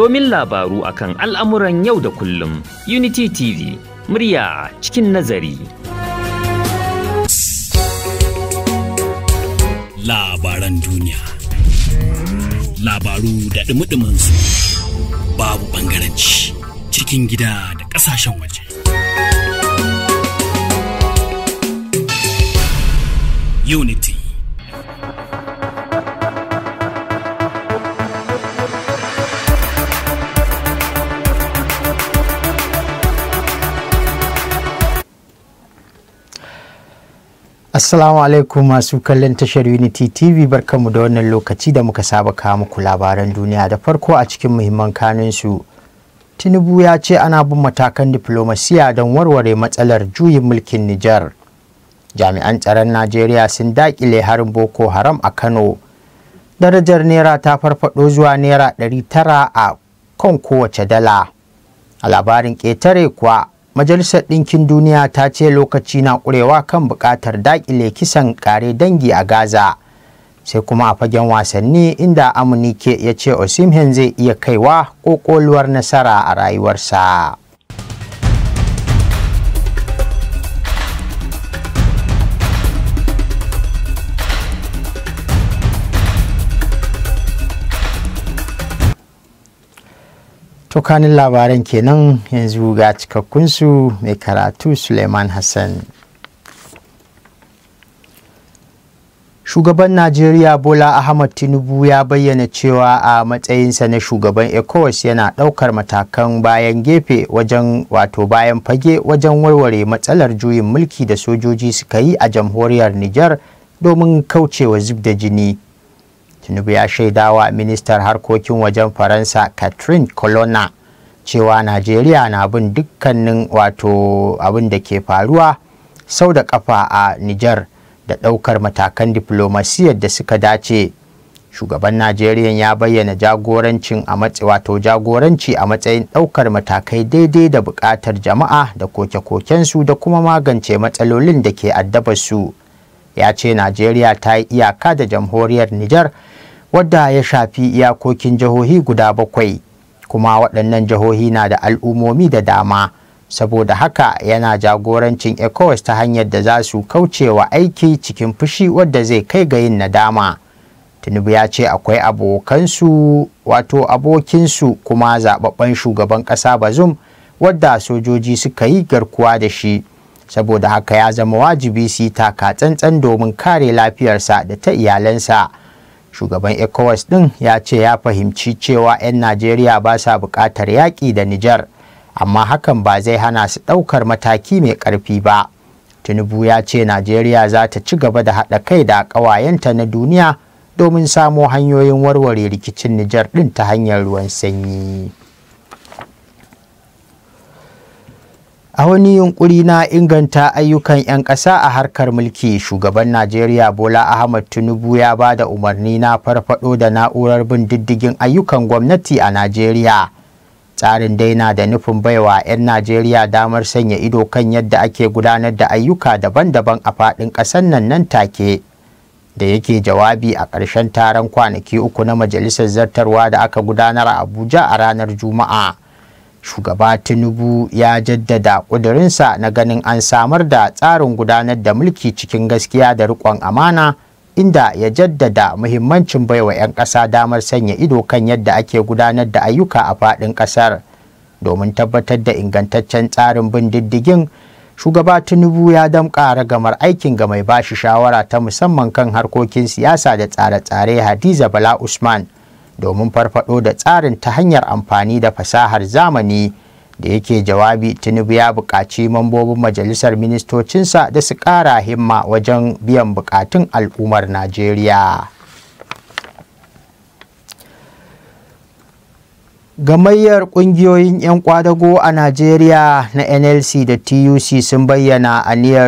domin labaru akan al'amuran yau da kullum unity tv murya cikin nazari labaran duniya labaru da dumi su babu ɓangaranci cikin gida da ƙasashen waje unity Assalamu alaikum masu kallon tashar Unity TV barkanmu da wannan lokaci da muka saba kawo muku labaran duniya da farko a cikin muhimman kanunsu. Tinubu ya ce ana bin matakan diflomasiya don warware matsalar juyin mulkin Nijar. Jami'an tsaron Najeriya sun daƙile harin Boko Haram a Kano. Darajar Naira ta farfaɗo zuwa Naira 900 a kan kowace dala. A labarin ƙetare kuwa Majalisar Ɗinkin Duniya ta ce lokaci na ƙurewa kan buƙatar daƙile kisan ƙare dangi a Gaza. Sai kuma a fagen wasanni inda Amunike ya ce Osimhen zai iya kaiwa ƙoƙoluwar nasara a rayuwarsa. tokanin labaran kenan yanzu ga cikakkunsu mai karatu suleiman hassan shugaban najeriya bola ahmad tinubu ya bayyana cewa a matsayinsa na shugaban ecowas yana ɗaukar matakan bayan gefe wajen wato bayan fage wajen warware matsalar juyin mulki da sojoji suka yi a jamhuriyar Nijar domin kaucewa zub da jini tinubu ya shaidawa ministar harkokin wajen faransa catherine colonna cewa najeriya na bin dukkanin wato abin da ke faruwa sau da kafa a niger da ɗaukar matakan diflomasiyyar da suka dace shugaban najeriya ya bayyana jagorancin a wato jagoranci a matsayin ɗaukar matakai daidai da buƙatar jama'a da koke-kokensu da kuma magance matsalolin da ke addabar su ya ce najeriya ta yi iyaka da jamhuriyar nijar wadda ya shafi iyakokin jihohi guda bakwai kuma waɗannan jihohi na da al'ummomi da dama saboda haka yana jagorancin ecowas ta hanyar da za su kauce wa aiki cikin fushi wadda zai kai ga yin nadama tinubu ya ce akwai abokansu wato abokinsu kuma zaɓaɓɓen shugaban ƙasa bazum wadda sojoji suka yi garkuwa da shi saboda haka ya zama wajibi su yi taka tsantsan domin kare lafiyarsa da ta iyalansa shugaban ecowas ɗin ya ce ya fahimci cewa 'yan najeriya ba sa buƙatar yaƙi da nijar amma hakan ba zai hana su ɗaukar mataki mai ƙarfi ba tinubu ya ce najeriya za ta ci gaba da haɗa kai da ƙawayenta na duniya domin samo hanyoyin warware rikicin nijar ɗin ta hanyar ruwan sanyi A wani yunkuri na inganta ayyukan 'yan ƙasa a harkar mulki, shugaban Najeriya Bola Ahmad Tinubu ya ba da umarni na farfaɗo da na'urar bin diddigin ayyukan gwamnati a Najeriya. Tsarin dai na da nufin baiwa 'yan Najeriya damar sanya ido kan yadda ake gudanar da ayyuka daban-daban a faɗin ƙasar nan nan take. Da yake jawabi a ƙarshen taron kwanaki uku na Majalisar Zartarwa da aka gudanar a Abuja a ranar Juma'a. shugaba tinubu ya jaddada ƙudurinsa na ganin an samar da tsarin gudanar da mulki cikin gaskiya da riƙon amana inda ya jaddada muhimmancin baiwa 'yan ƙasa damar sanya ido kan yadda ake gudanar da ayyuka a faɗin ƙasar domin tabbatar da ingantaccen tsarin bin diddigin shugaba tinubu ya damƙa ragamar aikin ga mai bashi shawara ta musamman kan harkokin siyasa da tsare-tsare hadiza bala usman domin farfado da tsarin ta hanyar amfani da fasahar zamani da yake jawabi tinubu ya buƙaci mambobin majalisar ministocinsa da su ƙara himma wajen biyan buƙatun al'ummar najeriya Gamayyar ƙungiyoyin 'yan kwadago a Najeriya na NLC da TUC sun bayyana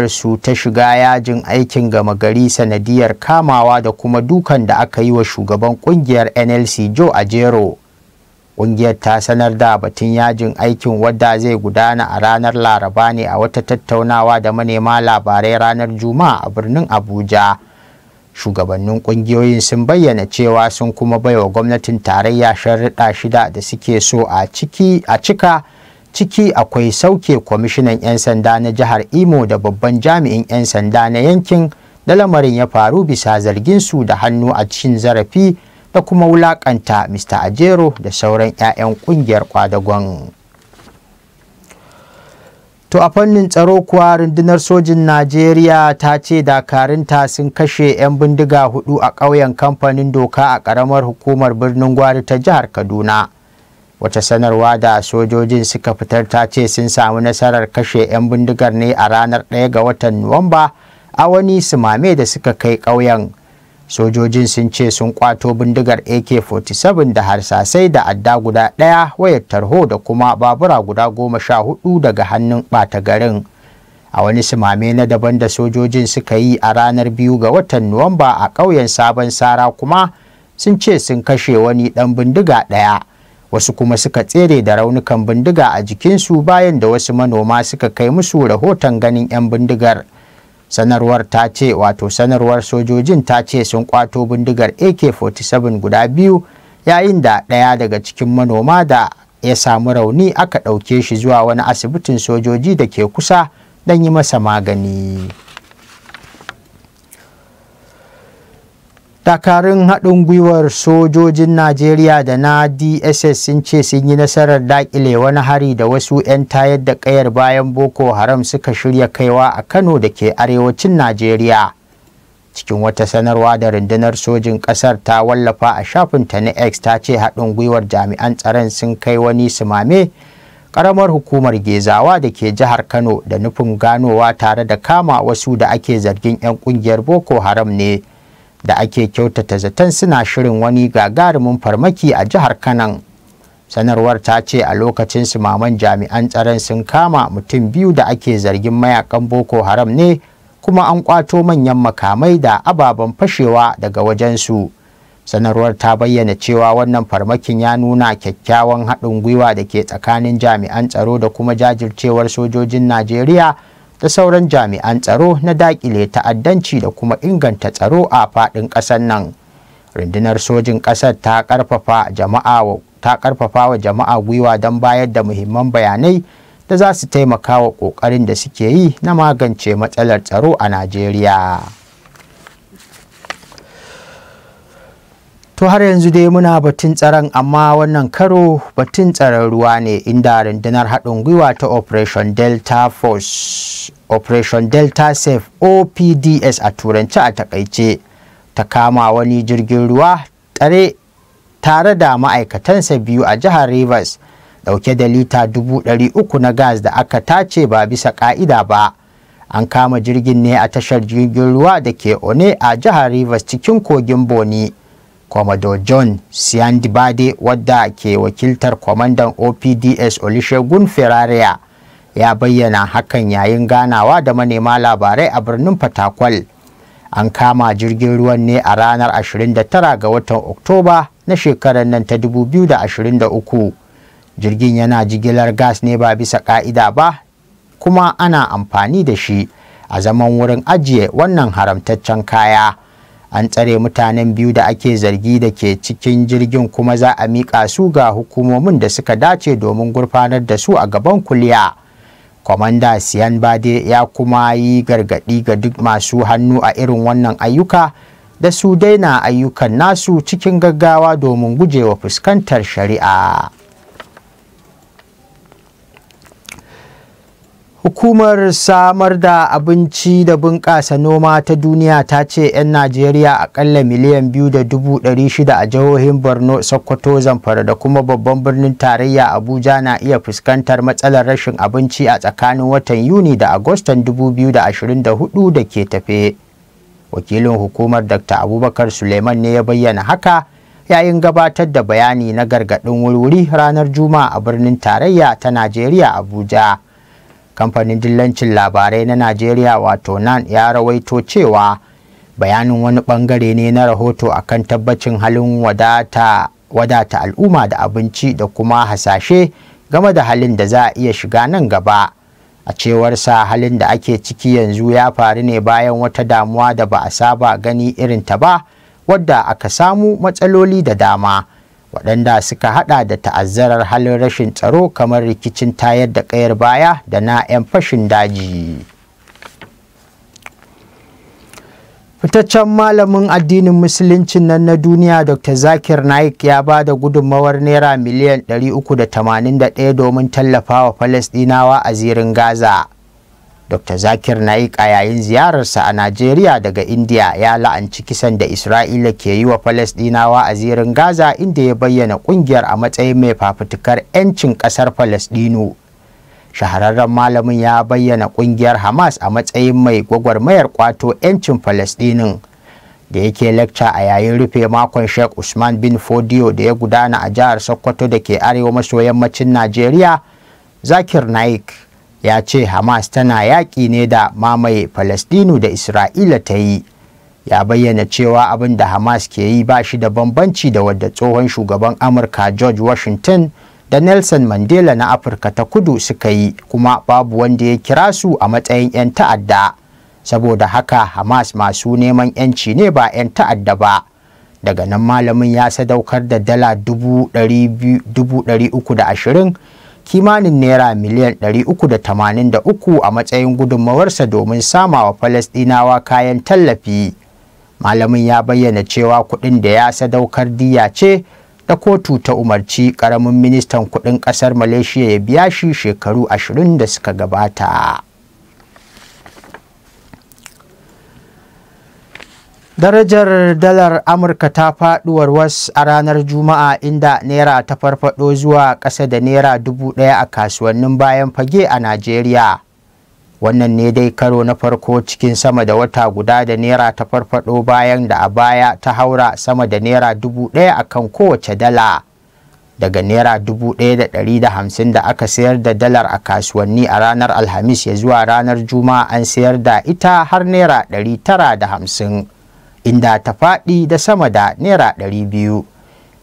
su ta shiga yajin aikin gama gari sanadiyar kamawa da kuma dukan da aka yi wa shugaban ƙungiyar NLC Joe Ajero. Ƙungiyar ta sanar da batun yajin aikin wadda zai gudana a ranar Laraba ne a wata tattaunawa da manema labarai ranar Juma'a a birnin Abuja. shugabannin kungiyoyin sun bayyana cewa sun kuma baiwa gwamnatin tarayya sharriɗa shida da suke so a ciki a cika ciki akwai sauke kwamishinan 'yan sanda na jihar imo da babban jami'in 'yan sanda na yankin da lamarin ya faru bisa zarginsu da hannu a cikin zarafi da kuma wulakanta mr ajero da sauran 'ya'yan kungiyar kwadagon. To a fannin tsaro kuwa rundunar sojin Najeriya ta ce dakarunta sun kashe 'yan bindiga hudu a ƙauyen kamfanin doka a ƙaramar hukumar birnin gwari ta jihar Kaduna. Wace sanarwa da sojojin suka fitar ta ce sun samu nasarar kashe 'yan bindigar ne a ranar 1 ga watan Nuwamba a wani simame da suka kai ƙauyen sojojin sun ce sun kwato bindigar ak-47 da harsasai da adda guda ɗaya wayar tarho da kuma babura guda goma sha hudu daga hannun ɓata garin a wani simame na daban da sojojin suka yi a ranar biyu ga watan nuwamba a ƙauyen sabon sara kuma sun ce sun kashe wani ɗan bindiga ɗaya wasu kuma suka tsere da raunukan bindiga a jikinsu bayan da wasu manoma suka kai musu rahoton ganin 'yan bindigar. sanarwar ta ce wato sanarwar sojojin ta ce sun kwato bindigar ak-47 guda biyu yayin da ɗaya daga cikin manoma da ya samu rauni aka ɗauke shi zuwa wani asibitin sojoji da ke kusa don yi masa magani. dakarun haɗin gwiwar sojojin najeriya da na dss sun ce sun yi nasarar daƙile wani hari da wasu 'yan tayar da ƙayar bayan boko haram suka shirya kaiwa a kano da ke arewacin najeriya cikin wata sanarwa da rundunar sojin ƙasar ta wallafa a shafinta na x ta ce haɗin gwiwar jami'an tsaron sun kai wani simame ƙaramar hukumar gezawa da ke jihar kano da nufin ganowa tare da kama wasu da ake zargin 'yan ƙungiyar boko haram ne. da ake kyautata zaton suna shirin wani gagarumin farmaki a jihar kanan sanarwar ta ce a lokacin su maman jami'an tsaron sun kama mutum biyu da ake zargin mayakan boko haram ne kuma an kwato manyan makamai da ababen fashewa daga wajensu sanarwar ta bayyana cewa wannan farmakin ya nuna kyakkyawan haɗin gwiwa da ke tsakanin jami'an tsaro da kuma jajircewar sojojin najeriya da sauran jami'an tsaro na dakile ta'addanci da kuma inganta tsaro a faɗin ƙasar nan rundunar sojin ƙasar ta ƙarfafa jama'a ta ƙarfafa wa jama'a gwiwa don bayar da muhimman bayanai da za su taimaka wa ƙoƙarin da suke yi na magance matsalar tsaro a najeriya To har yanzu dai muna batun tsaron amma wannan karo batun tsaron ruwa ne inda rundunar haɗin gwiwa ta Operation Delta Force, Operation Delta Safe OPDS a turanci a takaice ta kama wani jirgin ruwa tare tare da ma'aikatansa biyu a jihar Rivers dauke da lita dubu ɗari uku na gas da aka tace ba bisa ka'ida ba. An kama jirgin ne a tashar jirgin ruwa da ke one a jihar Rivers cikin kogin Boni. komodo John Siandibade wadda ke wakiltar kwamandan OPDS Olusegun Ferraria ya bayyana hakan yayin ganawa da manema labarai a birnin Fatakwal. An kama jirgin ruwan ne a ranar 29 ga watan Oktoba na shekarar nan ta 2023. Jirgin yana jigilar gas ne ba bisa ka'ida ba kuma ana amfani da shi a zaman wurin ajiye wannan haramtaccen kaya. an tsare mutanen biyu da ake zargi da ke cikin jirgin kuma za a miƙa su ga hukumomin da suka dace domin gurfanar da su a gaban kuliya kwamanda siyan bade ya kuma yi gargaɗi ga duk masu hannu a irin wannan ayyuka da su daina ayyukan nasu cikin gaggawa domin gujewa fuskantar shari'a Hukumar samar da abinci da bunƙasa noma ta duniya ta ce 'yan Najeriya akalla miliyan biyu da dubu ɗari shida a jihohin Borno, Sokoto, Zamfara da kuma babban birnin tarayya Abuja na iya fuskantar matsalar rashin abinci a tsakanin watan Yuni da Agustan 2024 da da hudu ke tafe. Wakilin hukumar Dr. Abubakar Suleiman ne ya bayyana haka yayin gabatar da bayani na gargaɗin wurwuri ranar Juma'a a birnin tarayya ta Najeriya Abuja. kamfanin dillancin labarai na najeriya wato nan ya rawaito cewa bayanin wani bangare ne na rahoto akan tabbacin halin wadata wadata al'umma da abinci da kuma hasashe game da halin da za a iya shiga nan gaba a cewarsa halin da ake ciki yanzu ya faru ne bayan wata damuwa da ba a saba gani irin ta ba wadda aka samu matsaloli da dama waɗanda suka hada da ta'azzarar halin rashin tsaro kamar rikicin tayar da ƙayar baya da na 'yan fashin daji fitaccen malamin addinin musuluncin nan na duniya dr zakir naik ya ba da gudunmawar naira miliyan 381 domin tallafa wa falasɗinawa a zirin gaza dr zakir naik a yayin ziyararsa a najeriya daga india ya la'anci kisan da isra'ila ke yi wa falasɗinawa a zirin gaza inda ya bayyana ƙungiyar a matsayin mai fafutukar 'yancin ƙasar falasɗinu shahararren malamin ya bayyana ƙungiyar hamas a matsayin mai gwagwarmayar kwato 'yancin falasdinin da yake lecture a yayin rufe makon sheikh usman bin fodio da ya gudana a jihar sokoto da ke arewa maso yammacin najeriya zakir naik ya ce hamas tana yaƙi ne da mamaye falastinu da isra'ila ta yi ya bayyana cewa abin da hamas ke yi ba shi da bambanci da wadda tsohon shugaban amurka george washington da nelson mandela na afirka ta kudu suka yi kuma babu wanda ya kira su a matsayin 'yan ta'adda saboda haka hamas masu neman 'yanci ne ba 'yan ta'adda ba daga nan malamin ya sadaukar da dala 320 kimanin naira miliyan 383 a matsayin gudunmawarsa domin sama wa falasdinawa kayan tallafi malamin ya bayyana cewa kuɗin da ya sadaukar diya ce da kotu ta umarci ƙaramin ministan kuɗin ƙasar malaysia ya biya shi shekaru 20 da suka gabata Darajar dalar Amurka ta faɗi warwas a ranar Juma'a inda Naira ta farfaɗo zuwa ƙasa da Naira dubu ɗaya a kasuwannin bayan fage a Najeriya. Wannan ne dai karo na farko cikin sama da wata guda da Naira ta farfaɗo bayan da a baya ta haura sama da Naira dubu ɗaya a kan kowace dala. Daga Naira dubu ɗaya da ɗari da hamsin da aka sayar da dalar a kasuwanni a ranar Alhamis ya zuwa ranar Juma'a an sayar da ita har Naira ɗari tara da hamsin. inda ta faɗi da sama da naira ɗari biyu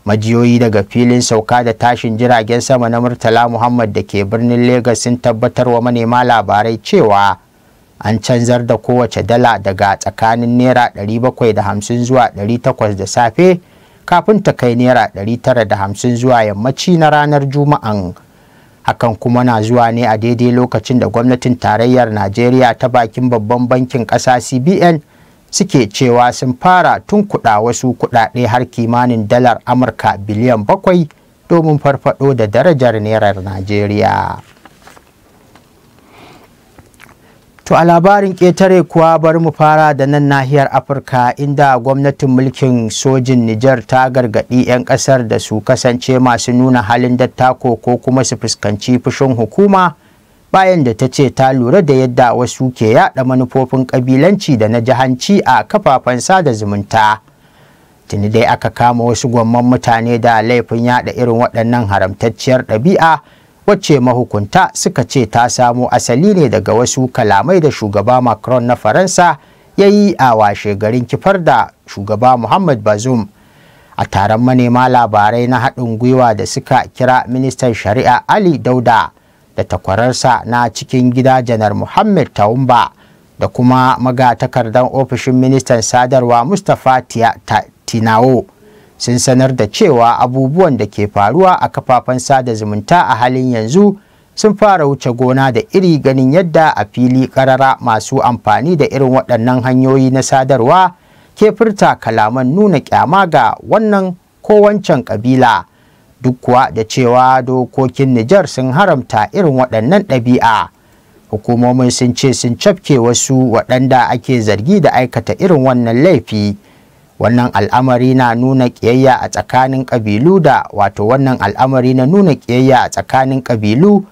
majiyoyi daga filin sauka da tashin jiragen sama na murtala muhammad da ke birnin Legas sun tabbatar wa manema labarai cewa an canzar da kowace dala daga tsakanin naira 750 zuwa 800 da safe kafin ta kai naira 950 zuwa yammaci na ranar juma'an hakan kuma na zuwa ne a daidai lokacin da gwamnatin tarayyar najeriya ta bakin babban bankin ƙasa cbn suke cewa sun fara tun kuɗa wasu kuɗaɗe har kimanin dalar amurka biliyan bakwai domin farfado da darajar nerar najeriya To a labarin ƙetare kuwa bar mu fara da nan nahiyar Afirka inda gwamnatin mulkin sojin Nijar ta gargaɗi 'yan ƙasar da su kasance masu nuna halin dattako ko kuma su fuskanci fushin hukuma bayan da ta ce ta lura da yadda wasu ke yada manufofin kabilanci da na jihanci a kafafen sada zumunta tuni dai aka kama wasu gwamman mutane da laifin yada irin waɗannan haramtacciyar ɗabi'a wacce mahukunta suka ce ta samo asali ne daga wasu kalamai da shugaba macron na faransa ya yi a washe garin kifar da shugaba muhammad bazoum a taron manema labarai na haɗin gwiwa da suka kira ministan shari'a ali dauda da takwararsa na cikin gida janar muhammad taumba da kuma magatakardan ofishin ministan sadarwa mustapha tinawo sun sanar da cewa abubuwan da ke faruwa a kafafen sada zumunta a halin yanzu sun fara wuce gona da iri ganin yadda a fili karara masu amfani da irin waɗannan hanyoyi na sadarwa ke furta kalaman nuna kyama ga wannan ko wancan ƙabila duk kuwa da cewa dokokin Nijar sun haramta irin waɗannan ɗabi'a. Hukumomin sun ce sun cafke wasu waɗanda ake zargi da aikata irin wannan laifi. Wannan al'amari na nuna ƙiyayya a tsakanin ƙabilu da wato wannan al'amari na nuna ƙiyayya a tsakanin ƙabilu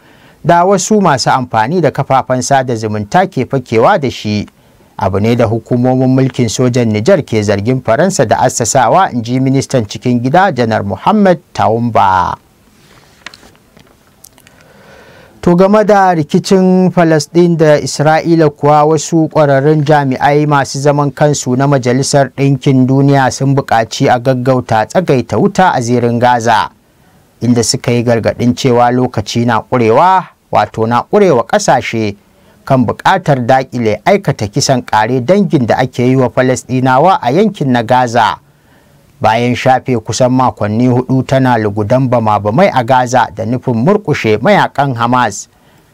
da wasu masu amfani da kafafen sada zumunta ke fakewa da shi. abu ne da hukumomin mulkin sojan Nijar ke zargin Faransa da assasawa in ji ministan cikin gida janar Muhammad Taumba. To game da rikicin Falasɗin da Isra'ila kuwa wasu ƙwararrun jami'ai masu zaman kansu na Majalisar Ɗinkin Duniya sun buƙaci a gaggauta tsagaita wuta a zirin Gaza, inda suka yi gargaɗin cewa lokaci na ƙurewa, wato na ƙurewa ƙasashe kan buƙatar daƙile aikata kisan ƙare dangin da ake yi wa Falasɗinawa a yankin na Gaza. Bayan shafe kusan makonni hudu tana lugudan bama-bamai a Gaza da nufin murƙushe mayakan Hamas.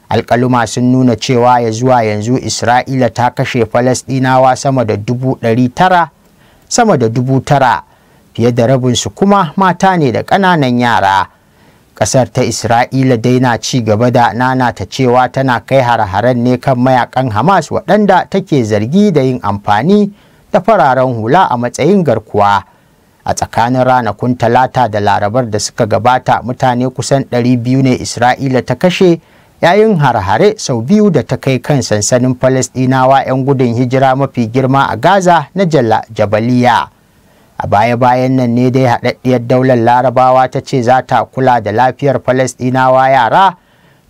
Alƙaluma sun nuna cewa ya zuwa yanzu Isra'ila ta kashe Falasɗinawa sama da dubu ɗari tara, sama da dubu tara, fiye da rabinsu kuma mata ne da ƙananan yara. Ƙasar ta isra'ila dai na ci gaba da nanata cewa tana kai har ne kan mayakan hamas waɗanda take zargi da yin amfani da fararen hula a matsayin garkuwa a tsakanin ranakun talata da larabar da suka gabata mutane kusan 200 ne isra'ila ta kashe yayin har-hare sau biyu da ta kai kan sansanin falasɗinawa 'yan gudun hijira mafi girma a gaza na jabaliya a baya-bayan nan ne dai haɗaɗɗiyar daular larabawa ta ce za ta kula da lafiyar falasɗinawa yara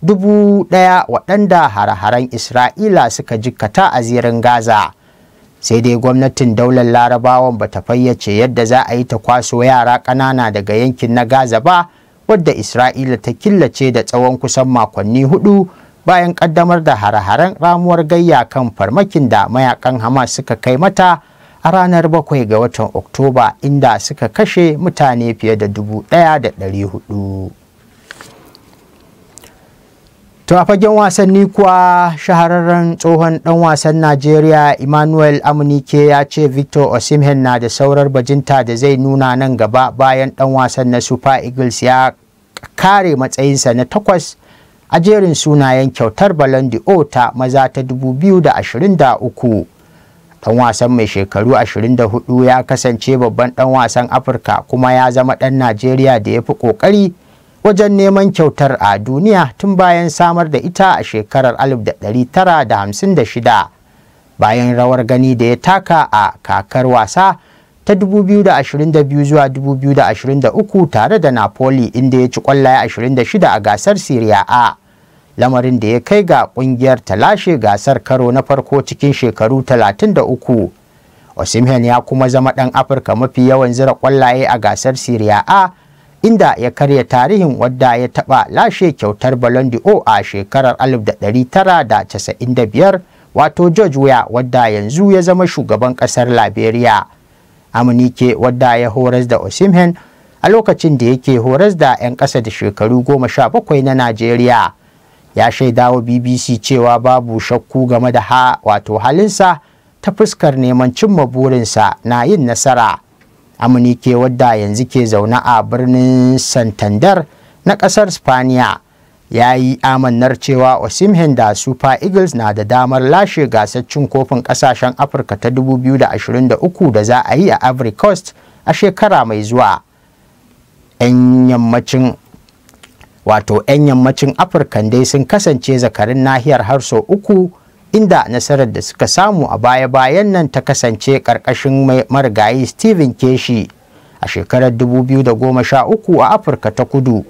dubu ɗaya waɗanda hare-haren isra'ila suka jikkata a zirin gaza sai dai gwamnatin daular larabawan ba ta fayyace yadda za a yi ta kwaso yara ƙanana daga yankin na gaza ba wadda isra'ila ta killace da tsawon kusan makonni hudu bayan ƙaddamar da har haren ramuwar gayya kan farmakin da mayakan hamas suka kai mata a ranar bakwai ga watan Oktoba inda suka kashe mutane fiye da dubu ɗaya 1,400. To a fagen wasanni kuwa shahararren tsohon ɗan wasan Najeriya Emmanuel Amunike ya ce Victor Osimhen na da saurar bajinta da zai nuna nan gaba bayan ɗan wasan na Super Eagles ya kare matsayinsa na takwas a jerin sunayen kyautar Ballon d'Or ta maza ta 2023. dan wasan mai shekaru 24 ya kasance babban dan wasan afirka kuma ya zama dan najeriya da ya fi kokari wajen neman kyautar a duniya tun bayan samar da ita a shekarar 1956 bayan rawar gani da ya taka a kakar wasa ta 2022 zuwa 2023 tare da napoli inda ya ci kwallaye 26 a gasar serie a lamarin da ya kai ga kungiyar ta lashe gasar karo na farko cikin shekaru 33 osimhen ya kuma zama ɗan afirka mafi yawan zira kwallaye a gasar Syria a inda ya karya tarihin wadda ya taɓa lashe kyautar ballon d'or a shekarar 1995 wato george weah wadda yanzu ya zama shugaban ƙasar liberia amunike wadda ya horas da osimhen a lokacin da yake horas da 'yan ƙasa da shekaru 17 na najeriya ya shaidawa bbc cewa babu shakku game da ha wato halinsa ta fuskar neman cimma burinsa na yin nasara amunike wadda yanzu ke zaune a birnin santander na kasar spaniya ya yi amannar cewa osimhen da super eagles na da damar lashe gasar cin kofin kasashen afirka ta 2023 da za a yi a ivory coast a shekara mai zuwa 'yan yammacin wato 'yan yammacin Afirkan dai sun kasance zakarin nahiyar har sau uku inda nasarar da suka samu a baya-bayan nan ta kasance ƙarƙashin marigayi steven keshi a shekarar 2013 a afirka ta kudu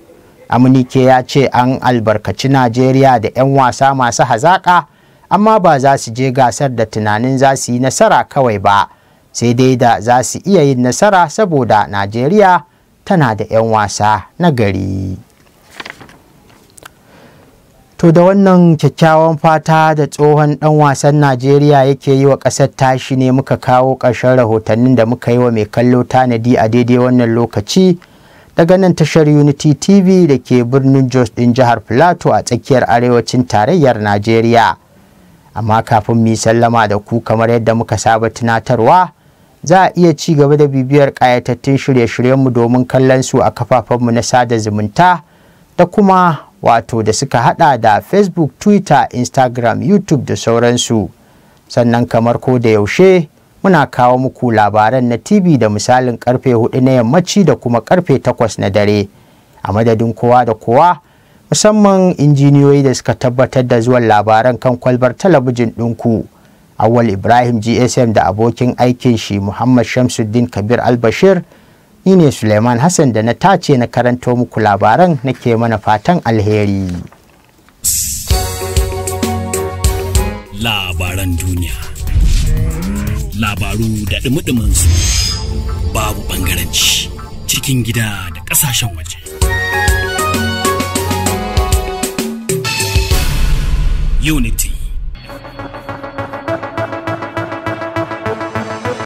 amunike ya ce an albarkaci najeriya da 'yan wasa masu hazaƙa amma ba za su je gasar da tunanin za su yi nasara kawai ba sai dai da za su iya yin nasara saboda najeriya tana da 'yan wasa na gari To da wannan kyakkyawan fata da tsohon ɗan wasan Najeriya yake yi wa ƙasar tashi ne muka kawo ƙarshen rahotannin da muka yi wa mai kallo tanadi a daidai wannan lokaci daga nan tashar Unity TV da ke birnin Jos ɗin jihar Filato a tsakiyar arewacin tarayyar Najeriya. Amma kafin mu sallama da ku kamar yadda muka saba tunatarwa za a iya ci gaba da bibiyar ƙayatattun shirye-shiryenmu domin kallon su a kafafenmu na sada zumunta da kuma wato da suka hada da facebook twitter instagram youtube da sauransu sannan kamar ko da yaushe muna kawo muku labaran na tv da misalin karfe 4 na yammaci da kuma karfe takwas na dare a madadin kowa da kowa musamman injiniyoyi da suka tabbatar da zuwan labaran kan kwalbar talabijin ɗinku awal ibrahim gsm da abokin aikin shi muhammad shamsuddin kabir albashir ni ne Suleiman Hassan da na tace na karanto muku labaran nake mana fatan alheri. Labaran duniya Labaru da ɗumi su babu ɓangaranci cikin gida da ƙasashen waje. Unity